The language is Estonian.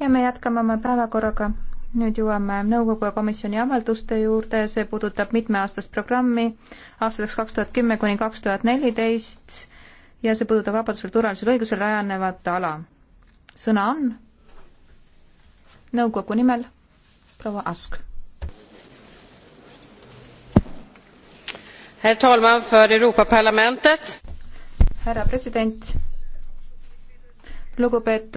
ja me jätkame oma päevakorraga. nüüd jõuame nõukogu ja komisjoni avalduste juurde, see puudutab mitmeaastast programmi aastateks kaks tuhat kümme kuni kaks tuhat neliteist ja see puudutab vabadusel, turvalisel õigusel rajanevat ala. sõna on nõukogu nimel proua Ask. herr talman för Europaparlamentet härra president, lugupeetud